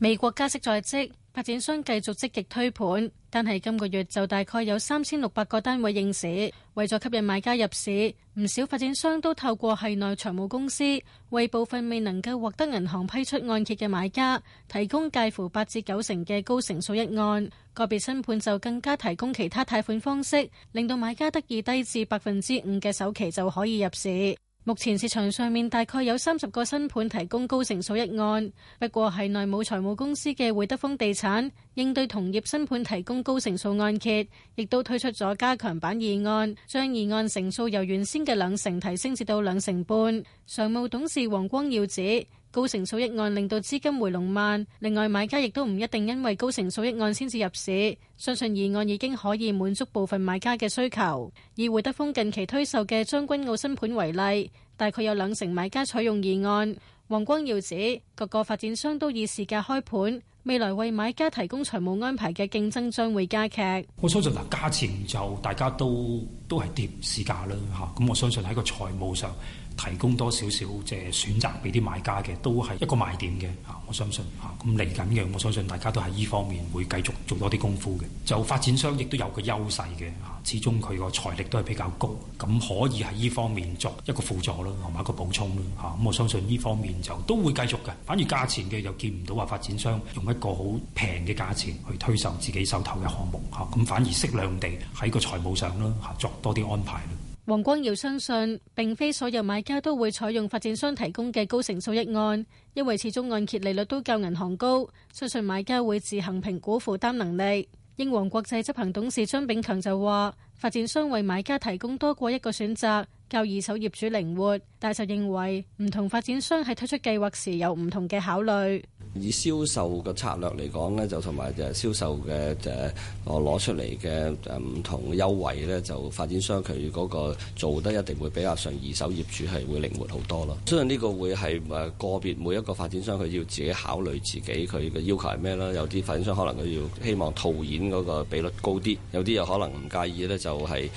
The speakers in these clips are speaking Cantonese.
美國加息在即，發展商繼續積極推盤，但係今個月就大概有三千六百個單位應市。為咗吸引買家入市，唔少發展商都透過系內財務公司，為部分未能夠獲得銀行批出按揭嘅買家，提供介乎八至九成嘅高成數一按。個別新盤就更加提供其他貸款方式，令到買家得以低至百分之五嘅首期就可以入市。目前市場上面大概有三十個新盤提供高成數一按，不過系內冇財務公司嘅會德豐地產應對同業新盤提供高成數按揭，亦都推出咗加強版二按，將二按成數由原先嘅兩成提升至到兩成半。常務董事黃光耀指，高成數一按令到資金回籠慢，另外買家亦都唔一定因為高成數一按先至入市，相信二按已經可以滿足部分買家嘅需求。以匯德豐近期推售嘅將軍澳新盤為例，大概有兩成買家採用二按。黃光耀指，各個發展商都以市價開盤。未來為買家提供財務安排嘅競爭將會加劇。我相信嗱，價、啊、錢就大家都都係跌市價啦吓。咁、啊、我相信喺個財務上提供多少少即係選擇俾啲買家嘅，都係一個賣點嘅。啊我相信嚇，咁嚟緊嘅，我相信大家都喺呢方面會繼續做多啲功夫嘅。就發展商亦都有個優勢嘅嚇，始終佢個財力都係比較高，咁可以喺呢方面作一個輔助咯，同埋一個補充咯嚇。咁我相信呢方面就都會繼續嘅。反而價錢嘅就見唔到話發展商用一個好平嘅價錢去推售自己手頭嘅項目嚇，咁反而適量地喺個財務上啦，嚇作多啲安排。黃光耀相信，並非所有買家都會採用發展商提供嘅高成數一按，因為始終按揭利率都較銀行高，相信買家會自行評估負擔能力。英皇國際執行董事張炳強就話：發展商為買家提供多過一個選擇，較二手業主靈活，但就認為唔同發展商喺推出計劃時有唔同嘅考慮。以銷售嘅策略嚟講咧，就同埋就係銷售嘅誒我攞出嚟嘅誒唔同嘅優惠咧，就發展商佢嗰個做得一定會比較上二手業主係會靈活好多咯。雖然呢個會係誒個別每一個發展商佢要自己考慮自己佢嘅要求係咩啦，有啲發展商可能佢要希望套現嗰個比率高啲，有啲又可能唔介意咧，就係、是、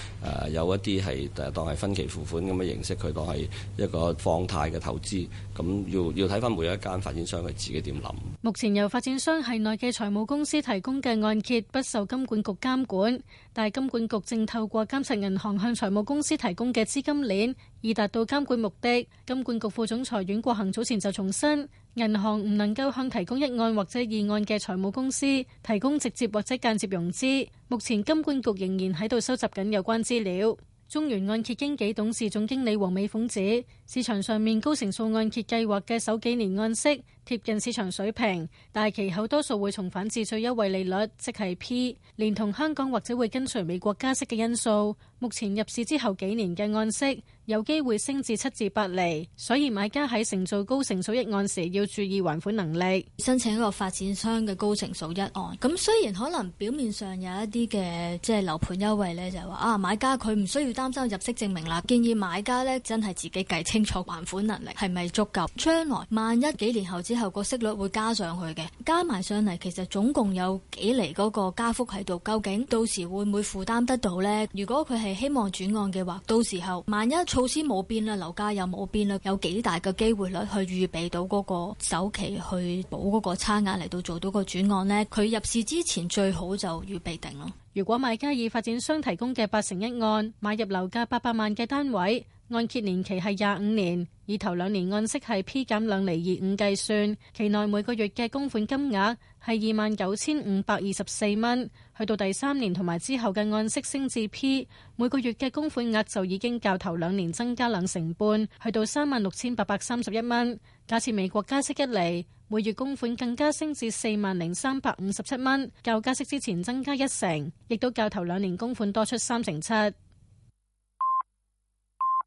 誒有一啲係誒當係分期付款咁嘅形式，佢當係一個放貸嘅投資，咁要要睇翻每一間發展商佢自己點。目前由發展商系內嘅財務公司提供嘅按揭不受金管局監管，但金管局正透過監察銀行向財務公司提供嘅資金鏈，以達到監管目的。金管局副總裁阮國恒早前就重申，銀行唔能夠向提供一按或者二按嘅財務公司提供直接或者間接融資。目前金管局仍然喺度收集緊有關資料。中原按揭經紀董事總經理黃美鳳指，市場上面高成數按揭計劃嘅首幾年按息，貼近市場水平，但係其後多數會重返至最優惠利率，即係 P，連同香港或者會跟隨美國加息嘅因素，目前入市之後幾年嘅按息有機會升至七至八厘，所以買家喺承做高成數一按時要注意還款能力。申請一個發展商嘅高成數一按。咁雖然可能表面上有一啲嘅即係樓盤優惠呢，就係話，啊買家佢唔需要擔心入息證明啦，建議買家呢真係自己計清楚還款能力係咪足夠，將來萬一幾年後。之後個息率會加上去嘅，加埋上嚟其實總共有幾厘嗰個加幅喺度，究竟到時會唔會負擔得到呢？如果佢係希望轉按嘅話，到時候萬一措施冇變啦，樓價又冇變啦，有幾大嘅機會率去預備到嗰個首期去補嗰個差額嚟到做到個轉按呢？佢入市之前最好就預備定咯。如果買家以發展商提供嘅八成一按，買入樓價八百萬嘅單位。按揭年期係廿五年，以頭兩年按息係 P 減兩厘二五計算，期內每個月嘅供款金額係二萬九千五百二十四蚊。去到第三年同埋之後嘅按息升至 P，每個月嘅供款額就已經較頭兩年增加兩成半，去到三萬六千八百三十一蚊。假設美國加息一釐，每月供款更加升至四萬零三百五十七蚊，較加息之前增加一成，亦都較頭兩年供款多出三成七。